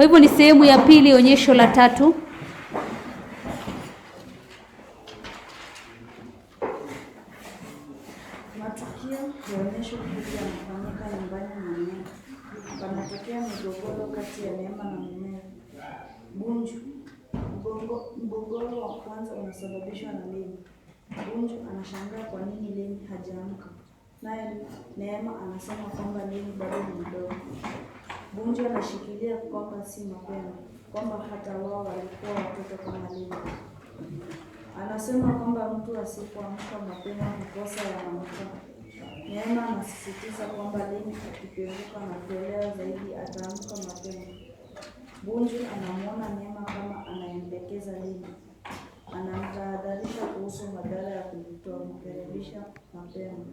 Kwa hivyo ni sehemu ya pili, onyesho la tatu. Matukio ya onyesho hili yanafanyika nyumbani na mimea, panatokea migogoro kati ya neema na mimea Bunju. Mgogoro wa kwanza unasababishwa na Lemi. Bunju anashangaa kwa nini Lemi hajaamka, naye Neema anasema kwamba Lemi bado ni mdogo. Bunge anashikilia kwamba si mapema, kwamba hata wao walikuwa watoto kama lile. Anasema kwamba mtu asipoamka mapema ya yanamkuta. Neema anasisitiza kwamba Lindi akipevuka na kuelewa zaidi ataamka mapema. Bunge anamwona Neema kama anayempekeza Lindi, anamtahadharisha kuhusu madhara ya kujitoa, mapema.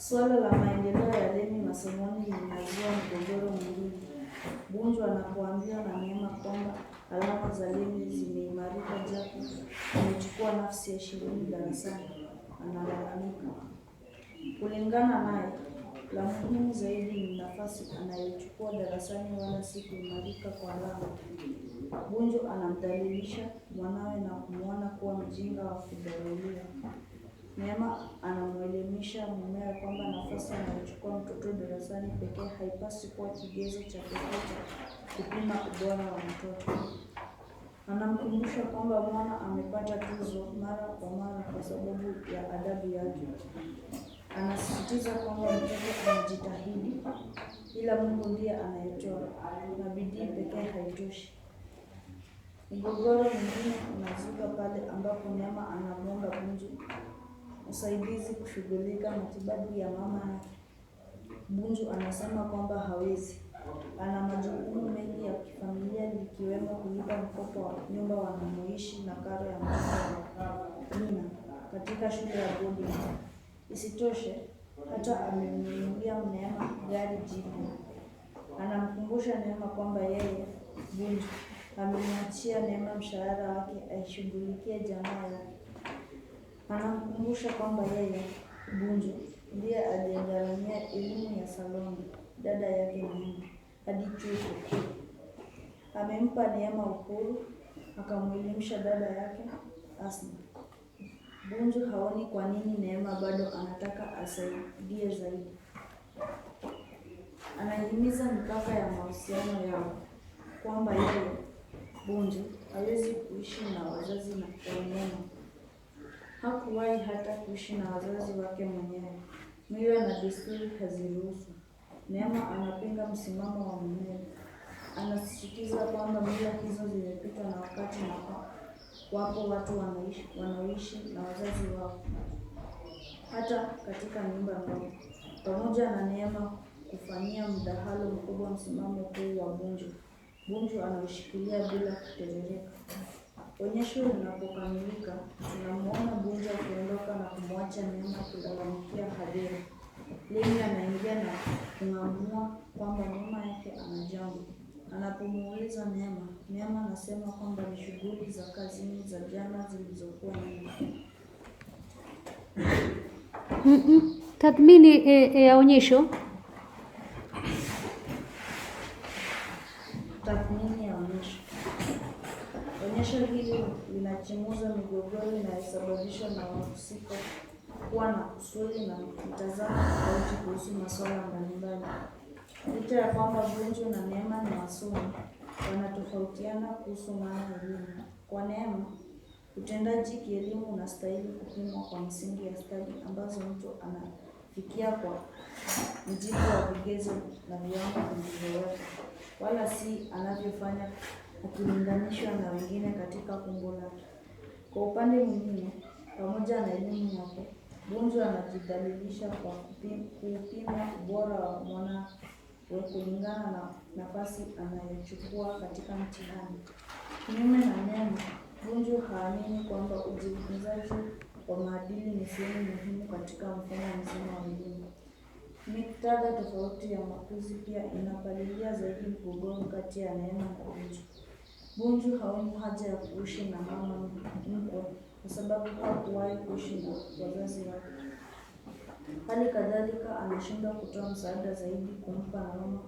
Suala la maendeleo ya elimu masomoni limeibua mgogoro mwingine. Bunju anapoambiwa na Neema kwamba alama za elimu zimeimarika japo amechukua nafasi ya ishirini darasani, analalamika. Kulingana naye, la muhimu zaidi ni nafasi anayochukua darasani, wala si kuimarika kwa alama. Bunju anamdhalilisha mwanawe na kumwona kuwa mjinga wa kudharauliwa. Neema anamuelimisha mumewe kwamba nafasi anayochukua mtoto darasani pekee haipasi kuwa kigezo cha pekee cha kupima ubora wa mtoto. Anamkumbusha kwamba mwana amepata tuzo mara kwa mara kwa sababu ya adabu yake. Anasisitiza kwamba mtoto anajitahidi, ila Mungu ndiye anayetoa na bidii pekee haitoshi. Mgogoro mwingine unazuka pale ambapo Neema anamwomba usaidizi kushughulika matibabu ya mama Bunju anasema kwamba hawezi, ana majukumu mengi ya kifamilia likiwemo kulipa mkopo wa nyumba wanamoishi na karo ya mtoto Nina katika shule ya bodi. Isitoshe, hata amemnunulia Neema gari jipya. Anamkumbusha Neema kwamba yeye Bunju amemwachia Neema mshahara wake aishughulikie jamaa yake. Anamkumbusha kwamba yeye Bunju ndiye aliyegharamia elimu ya Salome dada yake mimi, hadi chuo kikuu. Amempa Neema uhuru, akamwelimisha dada yake Asna. Bunju haoni kwa nini Neema bado anataka asaidie zaidi. Anahimiza mipaka ya mahusiano yao kwamba yeye Bunju hawezi kuishi na wazazi na kwa Neema Hakuwahi hata kuishi na wazazi wake mwenyewe. Mila na desturi haziruhusu. Neema anapinga msimamo wa mumewe. Anasisitiza kwamba mila hizo zimepitwa na wakati na wapo watu wanaishi, wanaoishi na wazazi wao hata katika nyumba moja. Pamoja na Neema kufanyia mdahalo mkubwa msimamo huu wa Bunju, Bunju anaushikilia bila kutetereka. Onyesho linapokamilika tunamuona bunja akiondoka na kumwacha Neema kulalamikia hadhira. Lemi anaingia na kung'amua kwamba mama yake ana jambo. Anapomuuliza Neema, Neema anasema kwamba ni shughuli za kazini za jana zilizokuwa nyingi. Tathmini e, e, ya onyesho. Tathmini ya onyesho. Onyesho hili linachomoza migogoro inayosababishwa na wahusika kuwa na kusudi na mtazamo tofauti kuhusu masuala mbalimbali. Licha ya kwamba Gunju na Neema ni wasomi, wanatofautiana kuhusu maana ya elimu. Kwa Neema, utendaji kielimu unastahili kupimwa kwa msingi ya stadi ambazo mtu anafikia kwa mjibu wa vigezo na viwango vilivyowekwa, wala si anavyofanya ukilinganishwa na wengine katika umbo lake. Kwa upande mwingine, pamoja na elimu yake, Bunju anajidhalilisha kwa kuupima ubora wa mwana wa kulingana na nafasi anayochukua katika mtihani. Kinyume na Neema, Bunju haamini kwamba ujifunzaji wa maadili ni sehemu muhimu katika mfumo mzima wa elimu. Miktadha tofauti ya makuzi pia inapalilia zaidi mgogoro kati ya Neema na Bunju. Bunju hawana haja ya kuishi na mama mkwe kwa sababu hakuwahi kuishi na wazazi wake. Hali kadhalika ameshindwa kutoa msaada zaidi, kumpa Naoma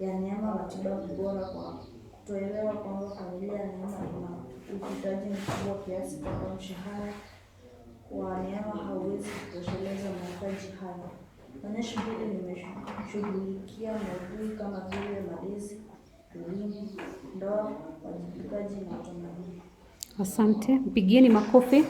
ya Neema matibabu bora kwa kutoelewa kwamba familia ya Neema ina uhitaji mkubwa kiasi kwamba mshahara wa Neema hauwezi kutosheleza mahitaji hayo. Onyesho hili limeshughulikia maudhui kama vile malezi Asante, mpigieni makofi.